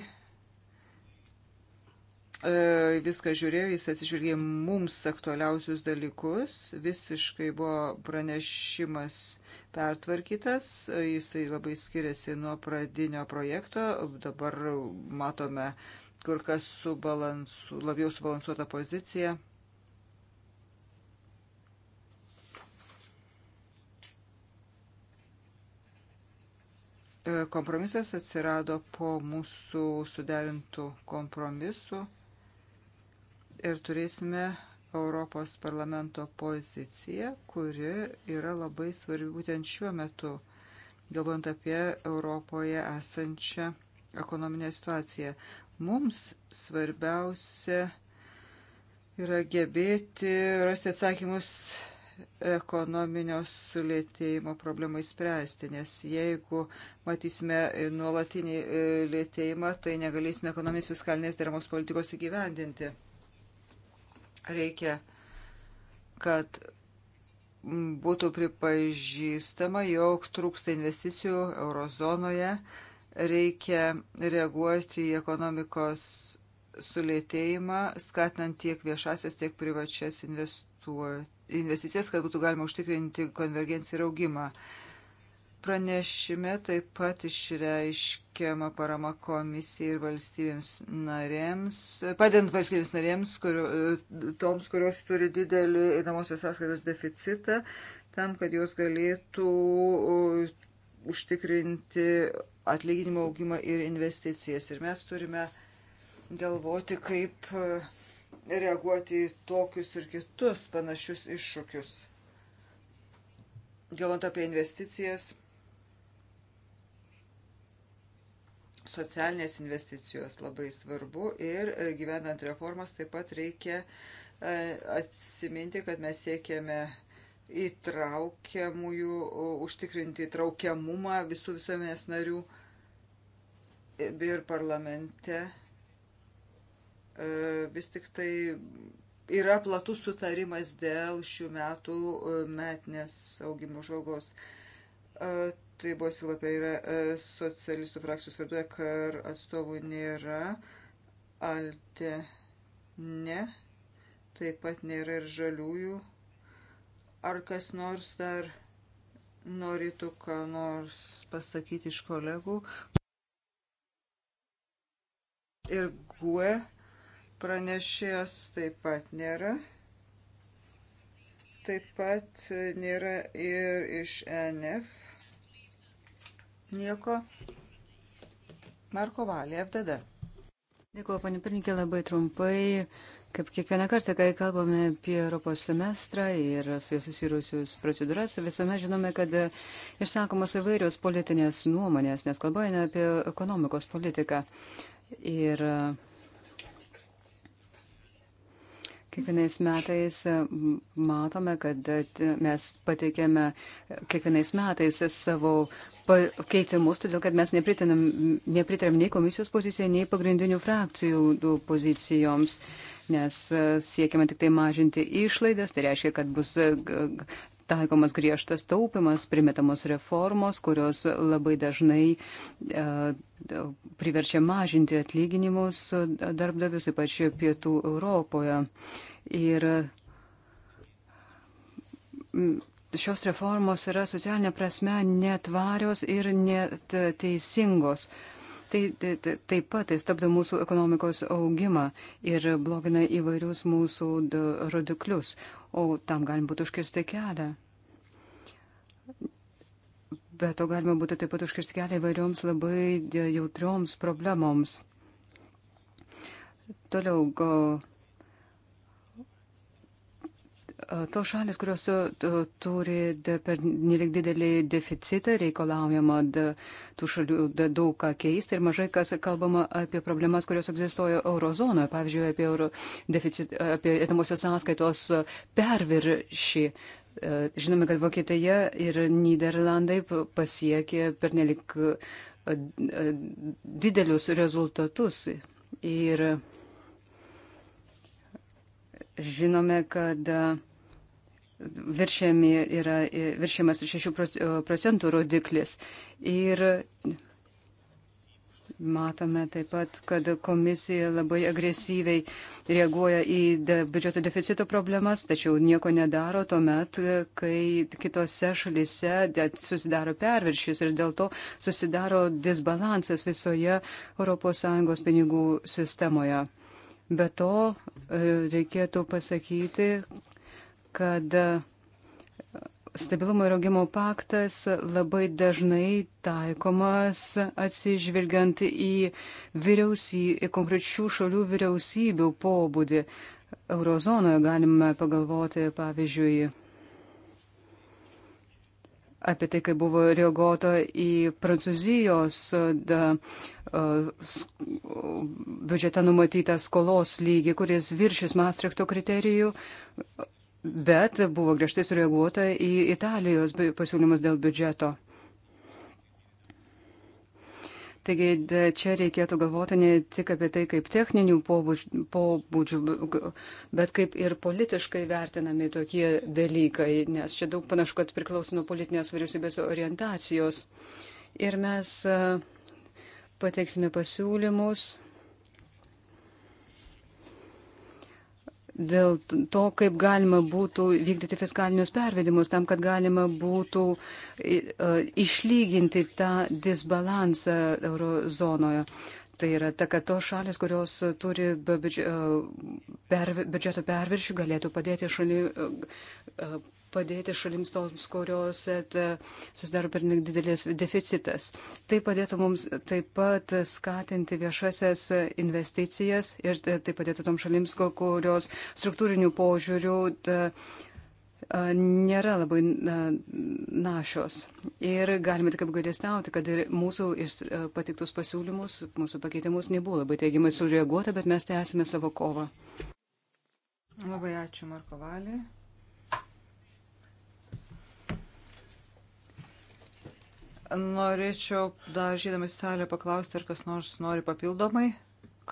viską žiūrėjo, jis atsižvelgė mums aktualiausius dalykus, visiškai buvo pranešimas pertvarkytas, jisai labai skiriasi nuo pradinio projekto, dabar matome kur kas subalansu, labiau subalansuota pozicija. E, kompromisas atsirado po mūsų suderintų kompromisų ir turėsime Europos parlamento poziciją, kuri yra labai svarbi būtent šiuo metu, galvojant apie Europoje esančią ekonominę situaciją. Mums svarbiausia yra gebėti rasti atsakymus ekonominio sulėtėjimo problemai spręsti, nes jeigu matysime nuolatinį e, lėtėjimą, tai negalėsime ekonominės fiskalinės deramos politikos įgyvendinti. Reikia, kad būtų pripažįstama, jog trūksta investicijų eurozonoje, reikia reaguoti į ekonomikos sulėtėjimą, skatinant tiek viešasias, tiek privačias investuoti investicijas, kad būtų galima užtikrinti konvergenciją ir augimą. Pranešime taip pat išreiškiama parama komisijai ir valstybėms narėms, padedant valstybėms narėms, kurio, toms, kurios turi didelį einamosios sąskaitos deficitą, tam, kad jos galėtų uh, užtikrinti atlyginimo augimą ir investicijas. Ir mes turime galvoti, kaip uh, reaguoti į tokius ir kitus panašius iššūkius. Galvant apie investicijas, socialinės investicijos labai svarbu ir e, gyvenant reformas taip pat reikia e, atsiminti, kad mes siekiame įtraukiamųjų, užtikrinti įtraukiamumą visų visuomenės narių e, ir parlamente E, vis tik tai yra platus sutarimas dėl šių metų e, metinės augimo žvalgos. E, tai buvo silapė yra socialistų frakcijos varduoja, kar atstovų nėra, alte ne, taip pat nėra ir žaliųjų. Ar kas nors dar norėtų ką nors pasakyti iš kolegų? Ir GUE Pranešėjos taip pat nėra. Taip pat nėra ir iš e NF. Nieko. Marko Valė, FDD. Dėkuoju, panė pirmininkė, labai trumpai. Kaip kiekvieną kartą, kai kalbame apie Europos semestrą ir su juos susirusius procedūras, visuomet žinome, kad išsakomos įvairios politinės nuomonės, nes kalba eina apie ekonomikos politiką. Ir uh, Kiekvienais metais matome, kad mes pateikėme kiekvienais metais savo pakeitimus, todėl kad mes nepritarėm nei komisijos pozicijai, nei pagrindinių frakcijų pozicijoms nes e, siekiama tik tai mažinti išlaidas, tai reiškia, kad bus taikomas griežtas taupimas, primetamos reformos, kurios labai dažnai e, e, priverčia mažinti atlyginimus darbdavius, ypač pietų Europoje. Ir šios reformos yra socialinė prasme netvarios ir neteisingos. Tai, tai, tai taip pat tai stabdo mūsų ekonomikos augimą ir blogina įvairius mūsų rodiklius o tam galima būtų užkirsti kelią. Bet to galima būtų taip pat užkirsti kelią įvairioms labai jautrioms problemoms. Toliau, go, E, tos šalis, kurios e, turi per nelik didelį deficitą, reikalaujama tų šalių daug ką keisti ir mažai kas kalbama apie problemas, kurios egzistuoja eurozonoje, pavyzdžiui, apie, euro deficit, apie etamosios sąskaitos perviršį. E, žinome, kad Vokietija ir Niderlandai pasiekė per nelik didelius rezultatus. Ir žinome, kad viršėmi yra, viršėmas 6 e, procentų rodiklis. Ir matome taip pat, kad komisija labai agresyviai reaguoja į de, biudžeto deficito problemas, tačiau nieko nedaro tuomet, kai kitose šalise susidaro perviršys ir dėl to susidaro disbalansas visoje ES pinigų sistemoje. Be to e, reikėtų pasakyti, kad e, stabilumo ir augimo paktas labai dažnai taikomas atsižvelgiant į, į konkrečių šalių vyriausybių pobūdį. Eurozonoje galime pagalvoti, pavyzdžiui, apie tai, kaip buvo reaguota į Prancūzijos da, e, biudžetą numatytą skolos lygį, kuris viršis Maastrichto kriterijų bet buvo griežtai sureaguota į Italijos pasiūlymus dėl biudžeto. Taigi čia reikėtų galvoti ne tik apie tai, kaip techninių pobūdžių, pobūdžių, bet kaip ir politiškai vertinami tokie dalykai, nes čia daug panašu, kad priklauso nuo politinės vyriausybės orientacijos. Ir mes pateiksime pasiūlymus dėl to, kaip galima būtų vykdyti fiskalinius pervedimus, tam, kad galima būtų e, išlyginti tą disbalansą eurozonoje. Tai yra ta, kad tos šalis, kurios turi e, biudžeto perviršių, galėtų padėti šali, e, padėti šalims toms, kurios e, susidaro per nedidelis deficitas. Tai padėtų mums taip pat skatinti viešasias investicijas ir tai padėtų toms šalims, kurios struktūrinių požiūrių ta, nėra labai našios. Ir galime tik apgailestauti, kad ir mūsų e, patiktus pasiūlymus, mūsų pakeitimus nebuvo labai teigiamai sureaguota, bet mes tęsime savo kovą. Labai ačiū, Marko Valė. Norėčiau dar žydamas salę paklausti, ar kas nors nori papildomai,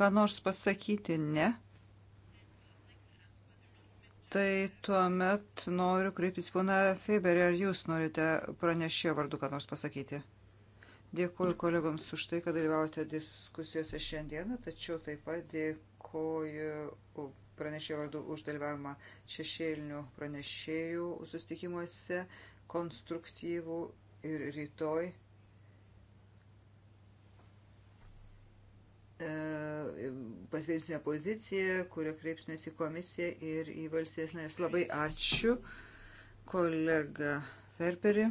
ką nors pasakyti, ne. Tai tuomet noriu kreiptis pana Feberį, ar jūs norite pranešėjo vardu ką nors pasakyti. Dėkuoju kolegoms už tai, kad dalyvaujate diskusijose šiandieną, tačiau taip pat dėkuoju pranešėjo vardu už dalyvavimą šešėlinių pranešėjų susitikimuose konstruktyvų ir rytoj e, pasveiksime poziciją, kurio kreipsimės į komisiją ir į valstybės narės. Labai ačiū, kolega Ferperi.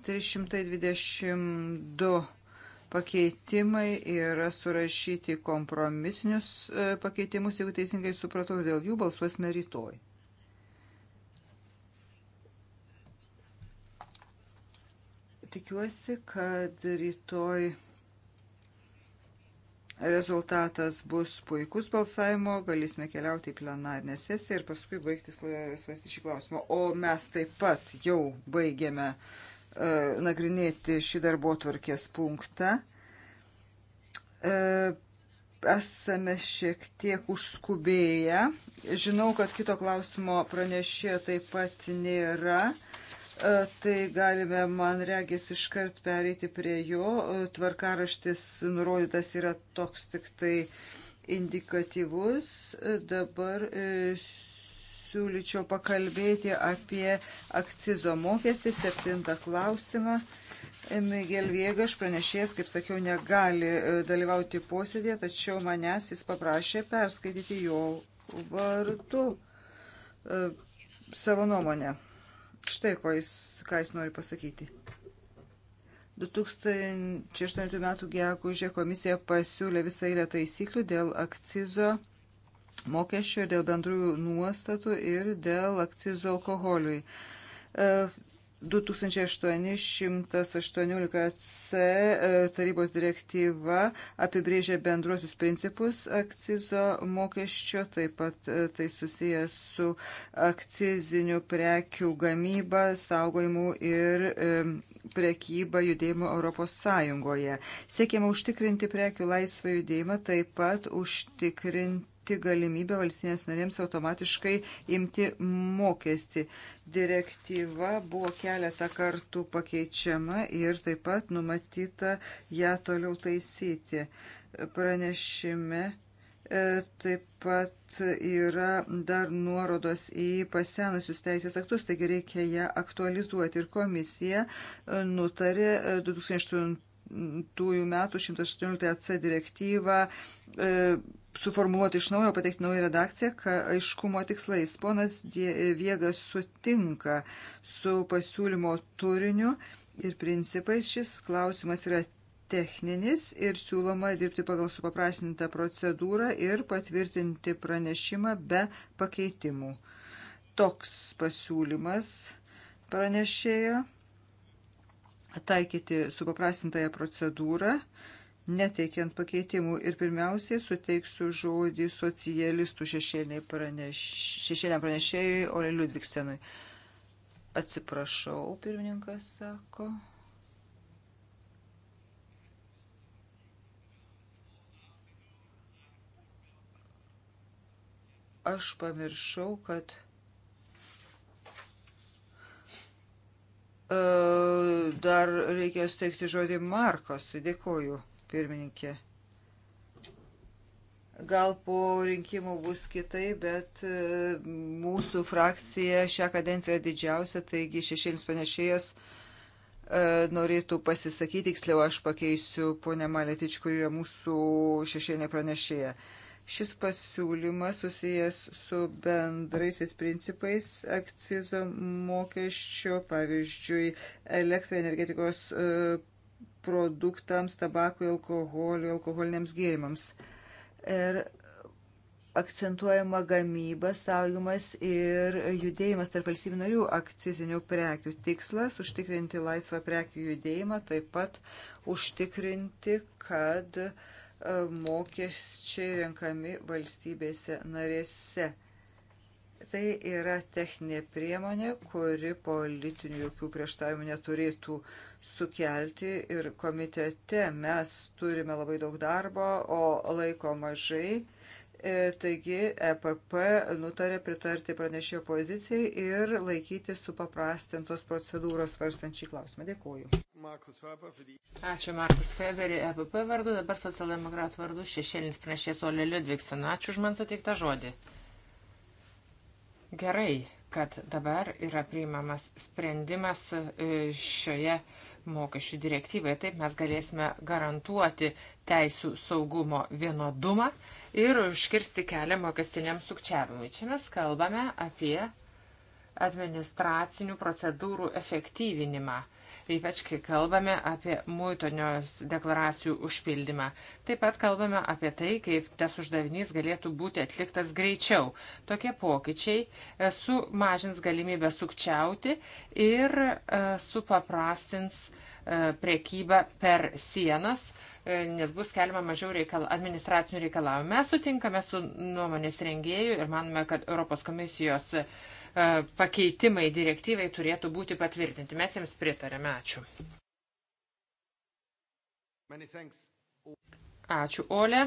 322 pakeitimai yra surašyti kompromisinius e, pakeitimus, jeigu teisingai supratau, dėl jų balsuosime rytoj. tikiuosi, kad rytoj rezultatas bus puikus balsavimo, galėsime keliauti į plenarinę sesiją ir paskui baigti e, svarstyti šį klausimą. O mes taip pat jau baigėme uh, e, nagrinėti šį darbo tvarkės punktą. Uh, esame šiek tiek užskubėję. Žinau, kad kito klausimo pranešė taip pat nėra. E, tai galime, man regis, iškart pereiti prie jo. E, tvarkaraštis nurodytas yra toks tik tai indikatyvus. E, dabar siūlyčiau pakalbėti apie akcizo mokestį, septintą klausimą. Miguel Viegaš pranešėjas, kaip sakiau, negali dalyvauti posėdėje, tačiau manęs jis paprašė perskaityti jo vardu savo nuomonę. Štai ko jis, ką jis nori pasakyti. 2008 m. gegužė komisija pasiūlė visą eilę taisyklių dėl akcizo mokesčio ir dėl bendrųjų nuostatų ir dėl akcizo alkoholiui. E, 2818C e, tarybos direktyva apibrėžia bendruosius principus akcizo mokesčio, taip pat e, tai susijęs su akcizinių prekių gamyba, saugojimu ir e, prekybą judėjimu Europos Sąjungoje. Siekiama užtikrinti prekių laisvą judėjimą, taip pat užtikrinti numatyti galimybę valstybės narėms automatiškai imti mokestį. Direktyva buvo keletą kartų pakeičiama ir taip pat numatyta ją toliau taisyti. Pranešime e, taip pat yra dar nuorodos į pasenusius teisės aktus, taigi reikia ją aktualizuoti. Ir komisija e, nutarė 2008 e, metų 118 AC direktyvą suformuoluoti iš naujo, pateikti naują redakciją, ką aiškumo tikslais. Ponas Viegas sutinka su pasiūlymo turiniu ir principais. Šis klausimas yra techninis ir siūloma dirbti pagal supaprastintą procedūrą ir patvirtinti pranešimą be pakeitimų. Toks pasiūlymas pranešėjo taikyti supaprastintąją procedūrą neteikiant pakeitimų. Ir pirmiausiai suteiksiu žodį socialistų šešėliam praneš... pranešėjui Oreliu Liudviksenui. Atsiprašau, pirmininkas sako. Aš pamiršau, kad e, dar reikia steigti žodį Markos. Dėkoju pirmininkė. Gal po rinkimų bus kitai, bet e, mūsų frakcija šią kadenciją yra didžiausia, taigi šešėlis panešėjas e, norėtų pasisakyti, tiksliau aš pakeisiu ponę Maletič, kur yra mūsų šešėlė pranešėja. Šis pasiūlymas susijęs su bendraisiais principais akcizo mokesčio, pavyzdžiui, elektroenergetikos e, produktams, tabakui, alkoholiui, alkoholiniams gėrimams. Ir akcentuojama gamyba, saugimas ir judėjimas tarp valstybių narių akcizinių prekių. Tikslas - užtikrinti laisvą prekių judėjimą, taip pat užtikrinti, kad e, mokesčiai renkami valstybėse narėse tai yra techninė priemonė, kuri politinių jokių prieštaravimų neturėtų sukelti ir komitete mes turime labai daug darbo, o laiko mažai. E, taigi EPP nutarė pritarti pranešėjo pozicijai ir laikyti supaprastintos procedūros svarstant šį klausimą. Dėkuoju. Ačiū Markus Feberi, EPP vardu, dabar socialdemokratų vardu šešėlinis pranešėjas Olė Liudviksen. Ačiū už man suteiktą žodį. Gerai, kad dabar yra priimamas sprendimas e, šioje mokesčių direktyvoje. Taip mes galėsime garantuoti teisų saugumo vienodumą ir užkirsti kelią mokestiniam sukčiavimui. Čia mes kalbame apie administracinių procedūrų efektyvinimą ypač kai kalbame apie muitonios deklaracijų užpildymą. Taip pat kalbame apie tai, kaip tas uždavinys galėtų būti atliktas greičiau. Tokie pokyčiai e, sumažins galimybę sukčiauti ir e, supaprastins e, priekybą per sienas, nes bus keliama mažiau reikal, administracinių reikalavimų. Mes sutinkame su nuomonės rengėjų ir manome, kad Europos komisijos uh, E, pakeitimai direktyvai turėtų būti patvirtinti. Mes jiems pritarėme. Ačiū. Ačiū, Ole.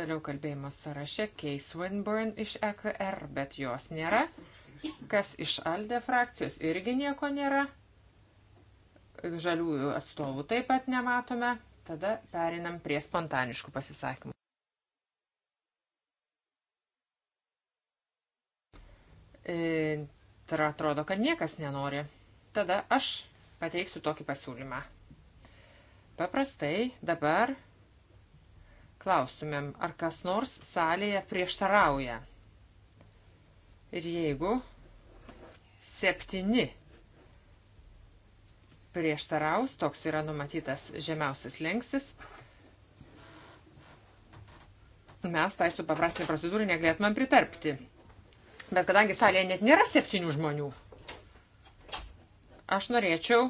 Toliau kalbėjimo sąraše Keis Winburn iš EKR, bet jos nėra. Kas iš Alde frakcijos irgi nieko nėra. Žaliųjų atstovų taip pat nematome. Tada perinam prie spontaniškų pasisakymų. E, tai atrodo, kad niekas nenori. Tada aš pateiksiu tokį pasiūlymą. Paprastai dabar klaustumėm, ar kas nors salėje prieštarauja. Ir jeigu septyni prieštaraus, toks yra numatytas žemiausias lengstis, mes tai su paprastinė procedūra negalėtumėm pritarpti. Bet kadangi salėje net nėra septynių žmonių, aš norėčiau,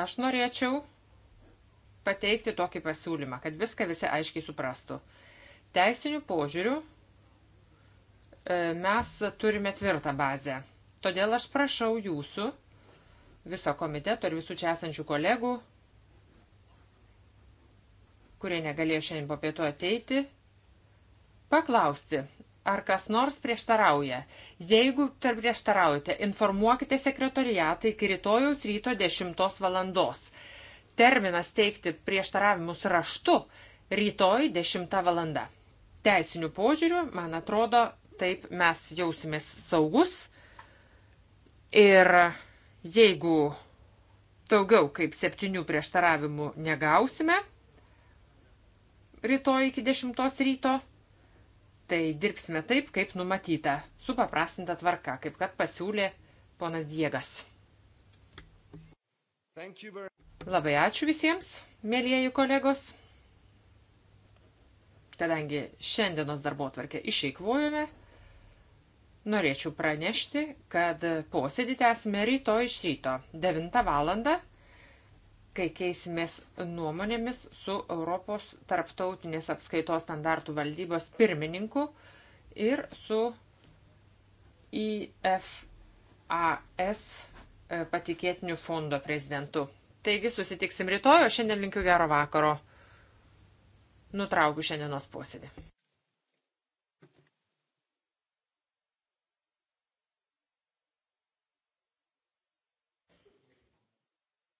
aš norėčiau pateikti tokį pasiūlymą, kad viską visi aiškiai suprastų. Teisinių požiūrių e, mes turime tvirtą bazę. Todėl aš prašau jūsų, viso komiteto ir visų čia esančių kolegų, kurie negalėjo šiandien po pietu ateiti, paklausti, ar kas nors prieštarauja. Jeigu prieštaraujate, informuokite sekretoriatą iki rytojaus ryto 10 valandos. Terminas teikti prieštaravimus raštu rytoj 10 valanda. Teisinių požiūrių, man atrodo, taip mes jausimės saugus. Ir jeigu daugiau kaip septynių prieštaravimų negausime rytoj iki 10 ryto, tai dirbsime taip, kaip numatyta, su paprastinta tvarka, kaip kad pasiūlė ponas Diegas. Labai ačiū visiems, mėlyjeji kolegos. Kadangi šiandienos darbo tvarkę išeikvojome, norėčiau pranešti, kad posėdį tęsime ryto iš ryto 9 valandą kai keisimės nuomonėmis su Europos tarptautinės apskaitos standartų valdybos pirmininku ir su IFAS e, patikėtiniu fondo prezidentu. Taigi susitiksim rytoj, o šiandien linkiu gero vakaro. Nutraukiu šiandienos posėdį.